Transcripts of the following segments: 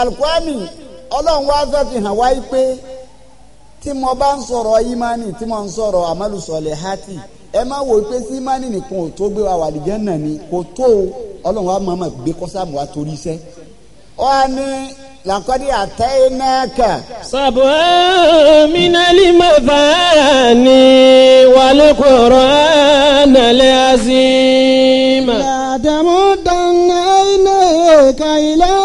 alukwani ọlọ́run wá hàn wáyé pé tí mo bá ń sọ̀rọ̀ imani tí mo ń sọ̀rọ̀ amalusọ̀lẹ̀ hati ẹ má wò pé sí imani nìkan ò tó gbé wa wà lìjẹ́ ni kò tó ọlọ́run gbé kọ́sàmù wa torí iṣẹ́ ọ làkọ́dí sàbọ̀ mínálì nàlẹ́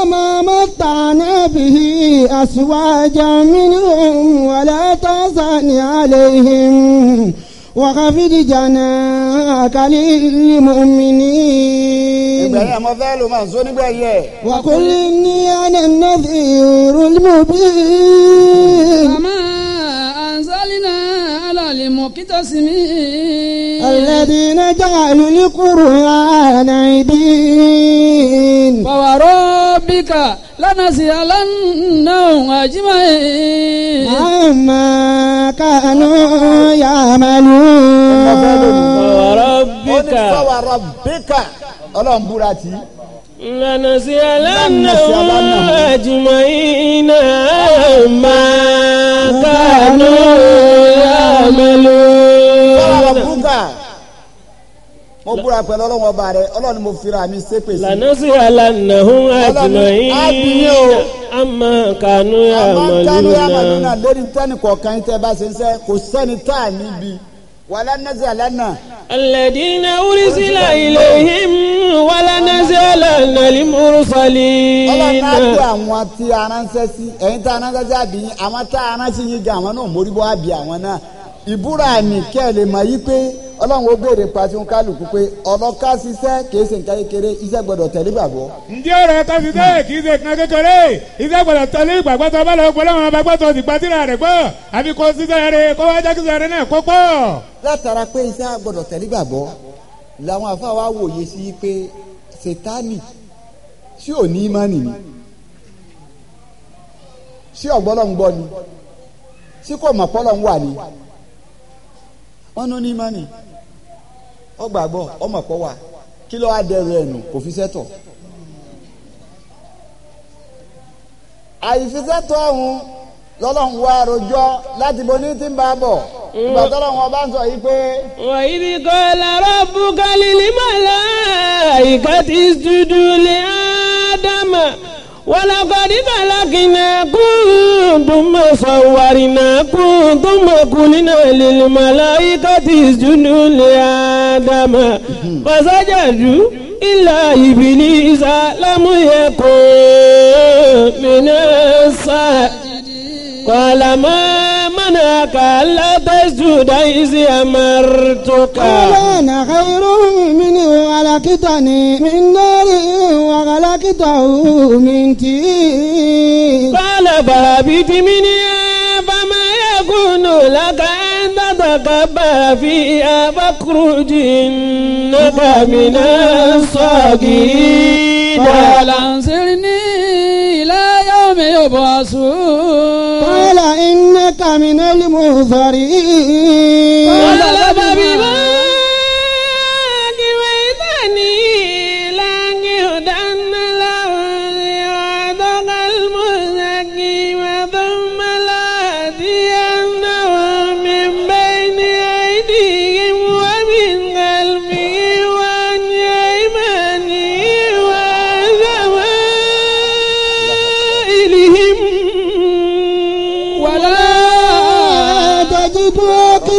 به أسواجا منهم ولا تحزن عليهم وخفض جناك للمؤمنين إبراهيم مثال وقل إني أنا النذير المبين وما أنزلنا على المقتسمين الذين جعلوا القرآن عيدين بك لنسألنهم أجمعين عما كانوا يعملون فوربك فوربك ọlọ́run búra tí. lànàṣì alánàwó àjùmọ̀yìnà máa kánú àmàlú. fọwọ́rọ̀ búkà. mo búra pẹ̀lú ọlọ́run ọba rẹ ọlọ́run ni mo fira mi ṣépè sí. lànàṣì alánàhún àjùmọ̀yìn àmọ́ kanú àmàlúnà. lórí tẹ́nì kọ̀ọ̀kan tẹ́ bá ṣe ń sẹ́ kò sẹ́ni tá a níbi wàlá ilé yìí wàlá ọlọ́run gbé àwọn sí ẹ̀yin tá sí àbí àwọn tá yín àwọn ọlọ́run ó béèrè pàṣẹ ń kálukú pé ọ̀rọ̀ ká ṣiṣẹ́ kìí ṣe nǹkan kékeré iṣẹ́ gbọ́dọ̀ tẹ̀lé ìgbàgbọ́. ǹjẹ́ ọ̀rọ̀ ká ṣiṣẹ́ hmm. kìí ṣe nǹkan kékeré iṣẹ́ gbọ́dọ̀ tẹ̀lé ìgbàgbọ́ tó bá lọ́wọ́ pẹ̀lú àwọn abagbọ́ tó ti gbàtíra rẹ̀ gbọ́ àbí kò ṣiṣẹ́ rẹ̀ kó wá jẹ́ kíṣẹ́ rẹ̀ náà kó pọ̀. látara pé iṣẹ́ gbọ́dọ̀ tẹ̀lé ìgbàgbọ́ làwọn àfáà wa wòye sí ọ gbàgbọ́ ọmọ pọ̀ wà kí ló wá dẹrù ẹ̀nù kò fi sẹ́tọ̀. àìfisẹ́tọ̀ ọ̀hún lọ́lọ́hún wá rojọ́ láti bo ní tí ń bá bọ̀ ìgbà mm. tọ́lọ́ wọn bá ń sọ yìí pé. wọ́n ibi kan làárọ̀ bukali ni màlá ìkàtí dúdú lè ولقد خلقناكم ثم صورناكم ثم قلنا للملائكة اسجدوا لآدم فسجدوا إلا إبليس لم يكن من الساجدين قال ما إنك لا تسجد إذ أمرتك قال أنا خير مني غلقتني من نار وغلقته من تين قال فهبت مني فما يكون لك أن تتكبر فيها فاخرج إنك من الصاغرين قال أنزلني إلى يوم يبعثون لست من المنظرين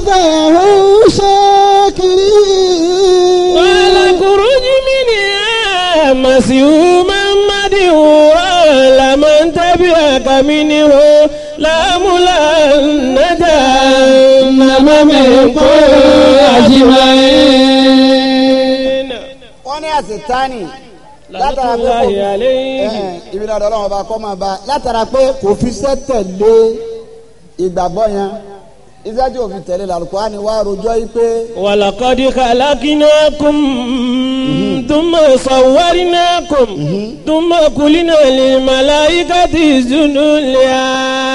جزاه شاكرين قال اخرج منها مسيوما مدهورا لمن تبعك منه لاملأن جهنم منكم أجمعين wọ́n ní àṣetáni látara pé ibi náà ọlọ́run ọba kọ́ máa ba látara pé kò fi sẹ́tẹ̀ lé ìgbàgbọ́ yẹn ìsájú òfin tẹ̀lé làlùkọ́ á ní wá rojọ́ yìí pé. wàlàkọ́dí kàlákínákùn túmọ̀ sọ̀wárínákùn túmọ̀ kùlínà lè màláyíkàtì ìzúnú lè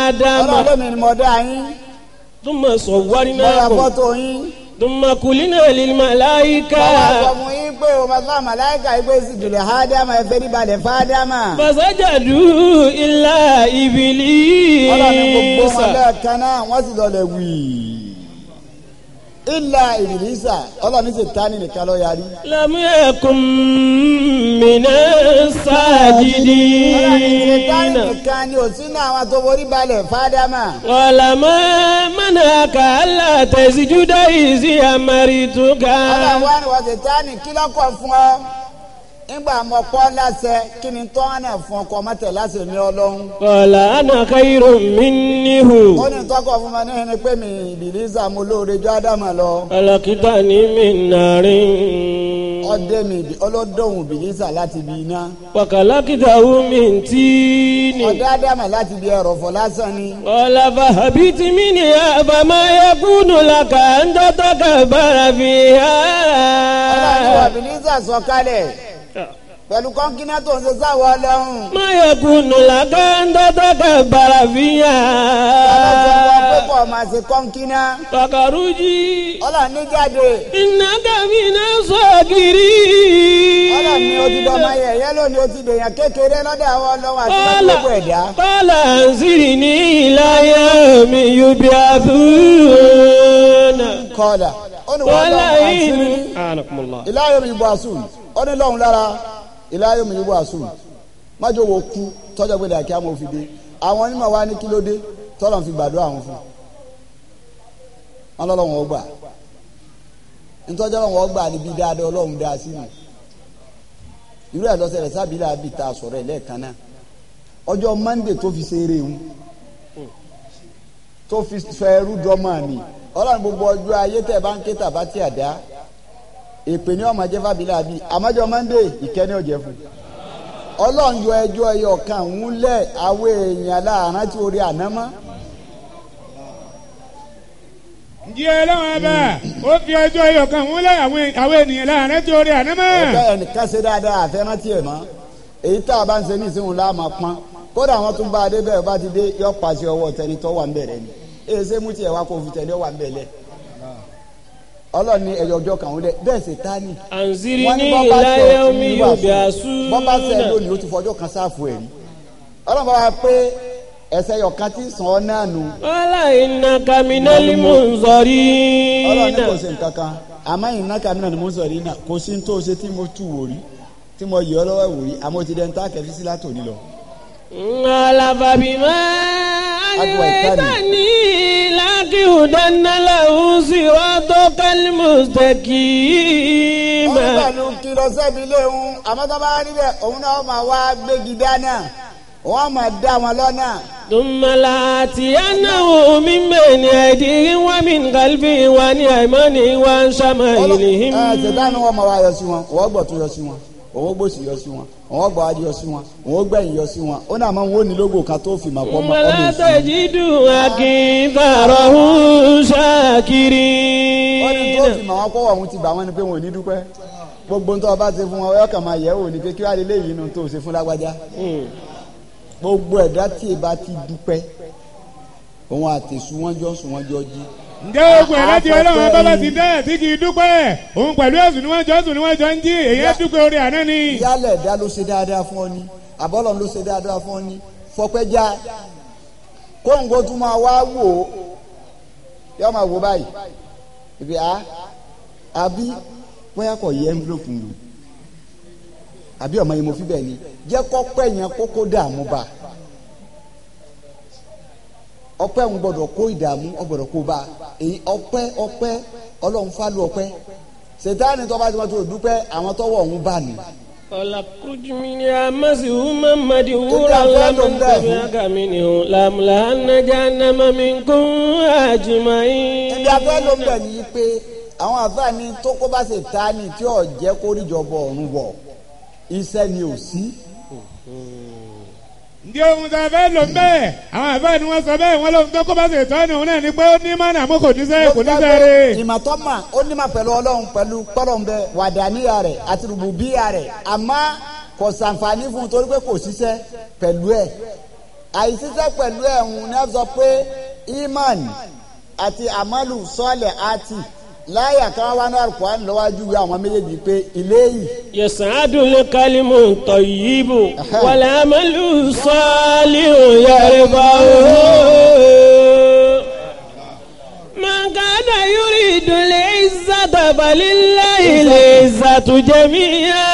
ádámà. ọlọ́run mi ni mo dá yín. túmọ̀ sọ̀wárínákùn túmọ̀ kùlínà lè màláyíkà. bàbá àgbà mú pé o máa fà màláìka yìí pé sùdùlẹ̀ hádámà ẹ fẹ́ níbalẹ̀ fádámà. fàṣẹjàdù ilà ìbílí. ọlọ́ni gbogbo wọn lẹ́ẹ̀kan náà wọ́n sì lọ lẹ̀ wì ilà ìbílísà ọlọ́ni sì ta ní nìkan lọ́ọ́ yarí. lamu ẹkùn mìíràn sáàjìdì. ọlọ́ni sì ta ní nìkan ni òsínú àwọn tó forí balẹ̀ fádámà. ọ̀làmọ́. Ala laka alla tasjuda amari amarituka. ọ̀rọ̀ wa ni wọ́n ti tá ní kílọ́kọ̀ fún ọ nígbà mọ kọ́ lásẹ̀ kí ni tọ́ àná fún ọkọ mọ́tẹ̀ lásẹ̀ mi ọlọ́run. kọ̀lá àná káyírò mi níhù. ó ní tọ́kọ̀ fún mi ní ni pé mi ìdílé sàmúlò rẹjọ́ ádámà lọ. alákìtà ni mi nàárín ọlọ́dẹ̀mí ọlọ́dọ̀hùn bìlísà láti bí iná. wàkàlákìtà omi ntí ni. ọ̀dọ́ àdàmà láti bí ẹrọ̀fọ̀ lásán ni. ọ̀làfà àbítí mi ni àbámá yakúnù làkà ń dọ́tọ̀ kà bára fi hàn. ọlọ́dún wà bìlísà sọ̀kalẹ̀. Ah. pẹ̀lú kọ́ńkínà tó ń ṣe sáwọ́ ọlọ́run. máyọ̀kùnù làkàndọ́tọ̀ kẹ bàrà fìyà. pípọ̀ máa ṣe kọ́ńkínà. jí. ọlọ́ ní jáde. iná sọ kiri. ọlọ́ kékeré àwọn àti gbogbo ẹ̀dá. kọ́lá ń sírì ní ìlàyé mi yóò bí a fún kọ́lá ó ní ilé ayé mi yóò sùn májò wo kú tọ́jọ́ gbé dàkí àwọn onímọ̀ wa ní kílódé tọ́lọ̀ fi gbàdúrà àwọn fún wọn lọ́lọ́wọ́n ọgbà ọgbà níbi dáadáa ọlọ́run dáa sí mi ta sọ̀rọ̀ ẹ̀ lẹ́ẹ̀kan náà ọjọ́ mọ́ndé tó fi tó fi mi ọlọ́run gbogbo èpè ní ọmọ jẹ́ fábílà bíi àmọ́jọ́ mọ́ndé ìkẹ́ni ọ̀jẹ̀ fún ọlọ́run yọ ẹjọ́ ẹyọ kan ń lẹ̀ àwọn èèyàn láàárín tí orí àná mọ́. ǹjẹ́ ọlọ́run ọba ó fi ẹjọ́ ẹyọ kan ń lẹ̀ àwọn láàárín tí orí àná mọ́. ọ̀pẹ́ ẹnìkan dáadáa àfẹ́rántì ẹ̀ mọ́ èyí tá a bá ń ṣe ní ìsinmi la máa pọn kódà wọn tún bá a dé bẹ́ẹ̀ bá ti dé yọ pàṣẹ ọwọ́ tẹnitọ́ wà ń bẹ̀rẹ̀ ni èyí ṣé mú tiẹ̀ wá kó fi tẹ̀lé wà ń bẹ̀rẹ̀ ọlọ́run ní ọjọ́ kan lẹ bẹ́ẹ̀ sì ta ni. àǹzírí ní ìláyà omi yóò bí aṣú náà. bọ́n bá sẹ́ lónìí ó ti fọjọ́ kan sáàfù ẹ̀ ní. ọlọ́run bá wa pé ẹsẹ̀ yọ̀kan ti sàn ọ́ náà nù. wàhálà iná kamínà ni mò ń sọrí náà. ọlọ́run ní kò sí nǹkan kan àmọ́ iná kamínà ni mò ń sọrí náà kò sí tó ṣe tí mo tù wò rí tí mo yọ lọ́wọ́ wò rí àmọ́ ti dẹ́n tá kẹfí sí látòní lọ. ń واتق هدنا له صراطك المستقيم. wọ́n gbà ló kí lọ sẹ́bi léwu àmọ́ tó bá rí bẹ́ẹ̀ òun náà máa wá gbégi dáná wọ́n máa dá wọn lọ́nà. tùmọ̀lá àti ẹnáwó mi mẹ́ni àìdí wọ́n mi kàlífì wa ní àìmọ́ni wa ń sàmà ìlú. ọlọ́run ẹ̀ ṣètàn ni wọ́n máa wá yọ sí wọn wọ́n gbọ̀ tó yọ sí wọn òun ó gbòsì yọ sí wọn òun ó gbọ́wájú yọ sí wọn òun ó yọ sí wọn ó náà máa ń wó ní lógo kan tó fi màpọ̀ mọ́ ọdún sí. mọ̀lẹ́tà ìjìdùn akíntàrọ̀ ń ṣàkiri. ọdún tó fi màwọn kọ́wọ́ ọ̀hún ti bà wọ́n ni pé wọn ò ní dúpẹ́ gbogbo ń tọ́ bá ti fún wọn ọyọ́kàn máa yẹ̀ wò ni pé kí wàá lélẹ́ yìí nu tó ṣe fún lágbájá hmm. gbogbo ẹ̀dá tí ì bá ti dúpẹ́ òun àtẹ̀sùn wọn jọ sùn wọn jọ jí ǹjẹ́ ogun ẹ̀láti ọlọ́run bábá ti dẹ́ tí kì í dúpẹ́ òun pẹ̀lú ẹ̀sùn ni wọ́n jọ sùn ni wọ́n jọ ń jí èyí á dúpẹ́ orí àná ni. yálẹ̀ ẹ̀dá ló ṣe dáadáa fún ọ ni àbọ̀lọ̀ ló ṣe dáadáa fún ọ ni fọpẹ́já kóńgó tún máa wá wò ó yọ máa wò báyìí ibi a àbí bóyá kò yẹ envelope nù àbí ọmọ yìí mo fi bẹ́ẹ̀ ni jẹ́ kọ́pẹ́ yẹn kókó dààmú bá a ọpẹ́ òun gbọ́dọ̀ kó ìdààmú ọgbọ́dọ̀ kó bá èyí ọpẹ́ ọpẹ́ ọlọ́run fálù ọpẹ́ sètáàni tó bá ti wọ́n tó dúpẹ́ àwọn tọ́wọ́ òun bá ní. ọ̀làkùnjúmìnì àmọ́sí húmọ́ mọ́dí wúrà lámùtàbí àgàmìnì làmùlà ànájà nàmàmí kún àjùmáyé. ẹbí abẹ́rẹ́ ló ń bẹ̀ ní pé àwọn àfáàní tó kó bá sètáàni tí ò jẹ́ kórìjọba ọ̀run wọ̀ iṣẹ́ ni ò sí ǹdí ohun tá a fẹ́ lò ń bẹ́ẹ̀ àwọn àfẹ́ ni wọ́n sọ bẹ́ẹ̀ wọ́n lóhun tó kó bá ṣe tọ́ ni òun náà ni pé ó ní mọ́nà àmọ́ kò níṣẹ́ kò níṣẹ́ rẹ̀. ìmọ̀ tó mà ó ní mà pẹ̀lú ọlọ́run pẹ̀lú pọ́lọ̀ ń bẹ wàdàníyà rẹ̀ àti rùbùbíyà rẹ̀ àmọ́ kò sàǹfààní fún un torí pé kò ṣiṣẹ́ pẹ̀lú ẹ̀ àìṣiṣẹ́ pẹ̀lú ẹ̀ ń ní sọ pé iman àti amalu sọ́ọ̀lẹ̀ àti láyà kan wá ní àrùkọ́ lọ́wọ́ ajúwe àwọn méjèèjì pé ilé yìí. yẹ̀sán-ádùn lè kálímù tọ̀ yìí bò wàlẹ̀ àmàlù sọ́ọ́lì òyàrá bá o. mọ̀gádà yúrì ìdúnlé ìzàtà balílẹ̀ ilé ìzàtújẹmí yá.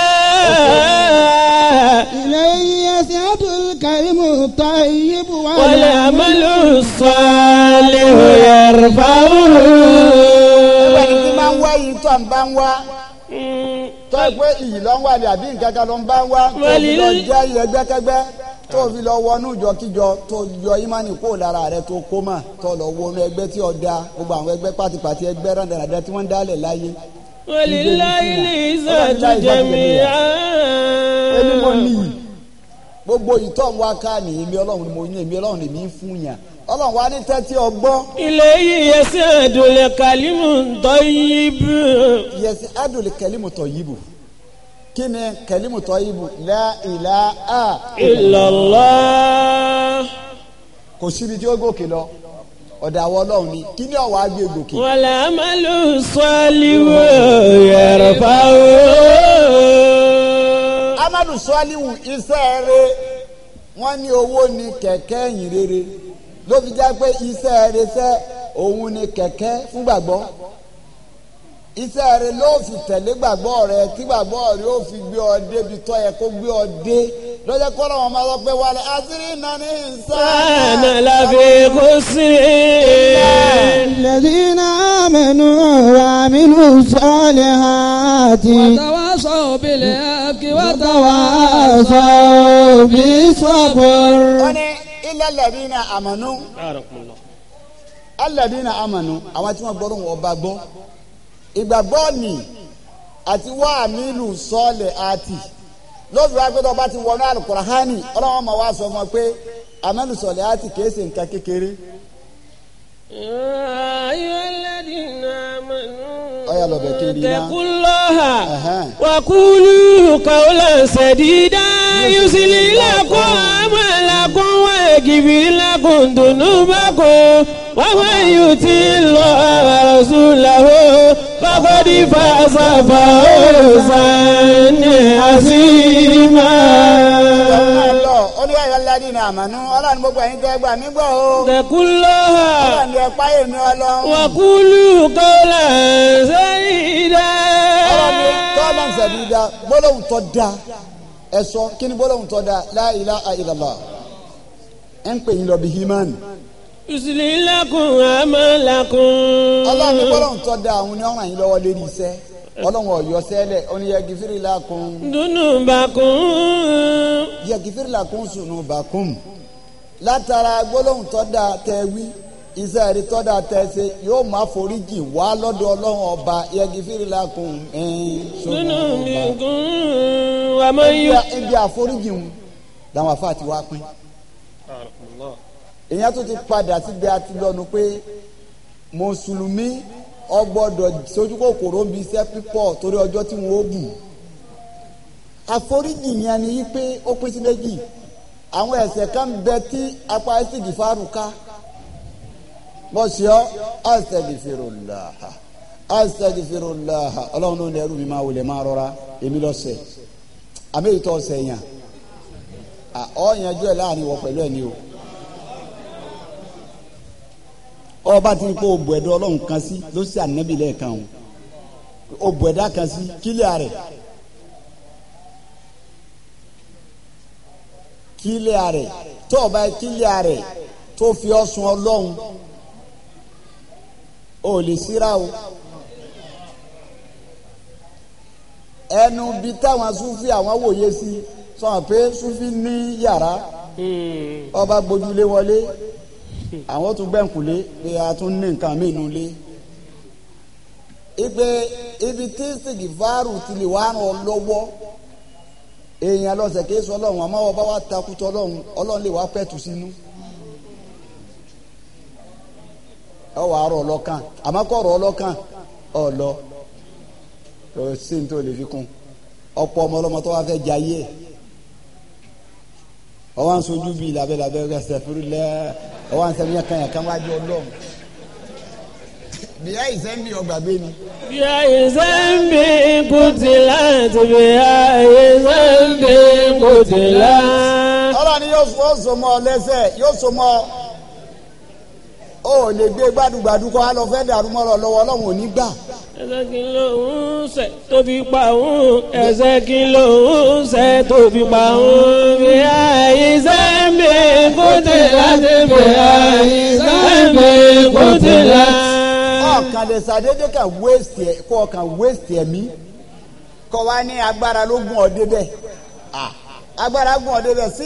ilé yẹ̀sán-ádùn kálímù tọ̀ yìí bò wàlẹ̀ àmàlù sọ́ọ́lì òyàrá bá o. tọ̀ ń bá ń wá mm. tọ́ ẹ pé iyì lọ ń wà ní àbí nǹkan kan ló ń bá ń wá tó fi lọ jẹ́ tó fi lọ ìjọkíjọ tó yọ ìmánì kó lára rẹ tó kó mà tó lọ wọnú ẹgbẹ́ tí da gbogbo àwọn ẹgbẹ́ pátipàti ẹgbẹ́ tí wọ́n láyé. lè gbogbo ìtọ́ ọlọ́run wa ní tẹ́tí ọgbọ́. ilé yìí yẹsí ẹ̀dùnlé kàlímù tọ́ yí bù. yẹsí kàlímù tọ́ yí kí ni kàlímù tọ́ yí bù la ilaha illallah. kò síbi tí ó gòkè lọ ọ̀dà àwọn ọlọ́run ni kí ni ọ̀wá gbé gòkè. wàlẹ̀ amẹ́lú sọ́ọ́líwò yẹ̀rọ fáwọ́. amẹ́lú sọ́ọ́líwò iṣẹ́ rẹ̀ wọ́n ní owó ni kẹ̀kẹ́ ìyìn ló fi já pé iṣẹ́ rẹ sẹ́ òun ni kẹ̀kẹ́ fún gbàgbọ́ iṣẹ́ rẹ ló fi tẹ̀lé gbàgbọ́ rẹ tí gbàgbọ́ rẹ ó fi gbé ọ débi tọ́ yẹ kó gbé ọ dé lọ́jọ́ kọ́ra wọn máa lọ pé wàlẹ̀ àṣírí náà ní ìsáná láfi kó sírí. lẹ́dínà mẹ́nu ràmínú sọ́ọ̀lẹ̀ àti. wàtàwàsọ bìlẹ̀ àkíwàtàwàsọ bí sọ́kùrù. alẹ́dínà àmọ̀nú alẹ́dínà àmọ̀nú àwọn tí wọ́n gbọ́dọ̀ wọ́n bá gbọ́ ìgbàgbọ́ ni àti wà nílù sọ́ọ̀lẹ̀ àti lóòfin wa bá ti wọnú àlùkùránì ọlọ́wọ́n máa wá sọ fún pé àti kìí ṣe nǹkan kékeré. wàkúlù يسلي لكم عملكم ويكفر لكم ذنوبكم ومن يطع الله ورسوله فقد فاز فوزا عظيما olúwa yọ ládì ní ọlọ́run gbogbo ẹ̀yin tẹ́ gbà mí gbọ́ o. kẹkúlọ́ ọlọ́run yọ èmi ọlọ́run. wàkúlù kọ́lá sẹ́yìn dá. ọlọ́run kọ́lá sẹ́yìn dá gbólóhùn tó dáa. ẹ sọ kí ni gbólóhùn tó dáa la ń pè yín lọ bí himani. ìsìlélàkùn àmàlàkùn. ọlọ́run ní gbólóhùn tó dáa àwọn ni ọ̀ràn yín lọ́wọ́ lérí iṣẹ́ ọlọ́run ọ̀yọ́ sẹ́lẹ̀ oníyẹgifiri làkùn. dunu bàkùn. yẹgifiri làkùn látara gbólóhùn tó tẹ wí iṣẹ́ rí tọ́da tẹ̀sẹ̀ yóò máa foríjì wá lọ́dọ̀ ọlọ́run ọba yẹgifiri làkùn. sùnù mi wa máa ń yọ. ibi àforíjì wọn làwọn afa ti wá pín. èèyàn tó ti padà síbi àtijọ́nu pé mùsùlùmí ọgbọ́dọ̀ sojú kòkòrò ń bi iṣẹ́ pípọ̀ torí ọjọ́ tí wọ́n ó bù. àforíjì yẹn ni yí pé ó pín sí méjì àwọn ẹ̀ṣẹ̀ kan bẹ tí apá ẹ̀sìn gìfárù ká bọ́sẹ̀ ọ́ astaghfirullah astaghfirullah ọlọ́run ló ń lẹ́rù mi máa wọlé máa rọra èmi lọ́sẹ̀ àmẹ́yìítọ́ sẹ̀yìn ọ̀ yanjú ẹ̀ láàrin wọ pẹ̀lú ẹ̀ ni o ọba ti ní kó o bọ̀ ẹ̀dọ́ ọlọ́run kan sí ló sì ànábì lẹ́ẹ̀kan o o bọ̀ ẹ̀dá kan sí kílẹ̀ rẹ̀ kílẹ̀ rẹ̀ tó o bá kílẹ̀ rẹ̀ tó fi ọ̀sùn ọlọ́run o lè síra o. ẹnu bíi táwọn sufi àwọn wòye sí sọ̀rọ̀ pé sufi ní yàrá eh. ọba gbójúlé wọlé àwọn tún gbẹ̀ǹkùlé pé a tún ní nǹkan mìínú lé ipe ibi tí ti lè wá ràn lọ́wọ́ èèyàn lọ́sẹ̀ kí sọ ọlọ́run àmọ́ ọba wa takùtọ̀ ọlọ́run ọlọ́run lè wá pẹ̀tù sínú ọwọ́ àárọ̀ ọlọ́kàn àmọ́ ọlọ́kàn ọ lọ. kò sí ní tó lè fi kún ọ̀pọ̀ ọmọ ọlọ́mọ tó wá fẹ́ jayé ọwọ́ ń sojú bíi labẹ́labẹ́ ẹsẹ̀ fúru lẹ́ ọwọ́ ń sẹ́mi ẹ̀kan ẹ̀kan wájú ọlọ́run bí i sẹ́mi ọgbàgbé ni. bí i sẹ́mi kùtìlá ti bí i sẹ́mi kùtìlá. ọlọ́run ni yóò so mọ́ ọ lẹ́sẹ̀ yóò so mọ́ ọ ó lè gbé gbádùgbàdù kọ́ á lọ fẹ́ dàrú mọ́ ọ lọ́wọ́ ọlọ́run ò ní gbà ẹsẹ̀ kí ló ń sẹ̀ tóbi pa òun ẹsẹ̀ kí ló ń sẹ̀ tóbi pa òun. bí àìsẹ́ mi kò tẹ̀ láti bí àìsẹ́ mi kò tẹ̀ láti. ọkàn lè ṣàdédé kà wéèsì ẹ kó ọkàn wéèsì ẹ mi kọ wá ní agbára ló gún ọ débẹ̀ ah, agbára gún ọ débẹ̀ sí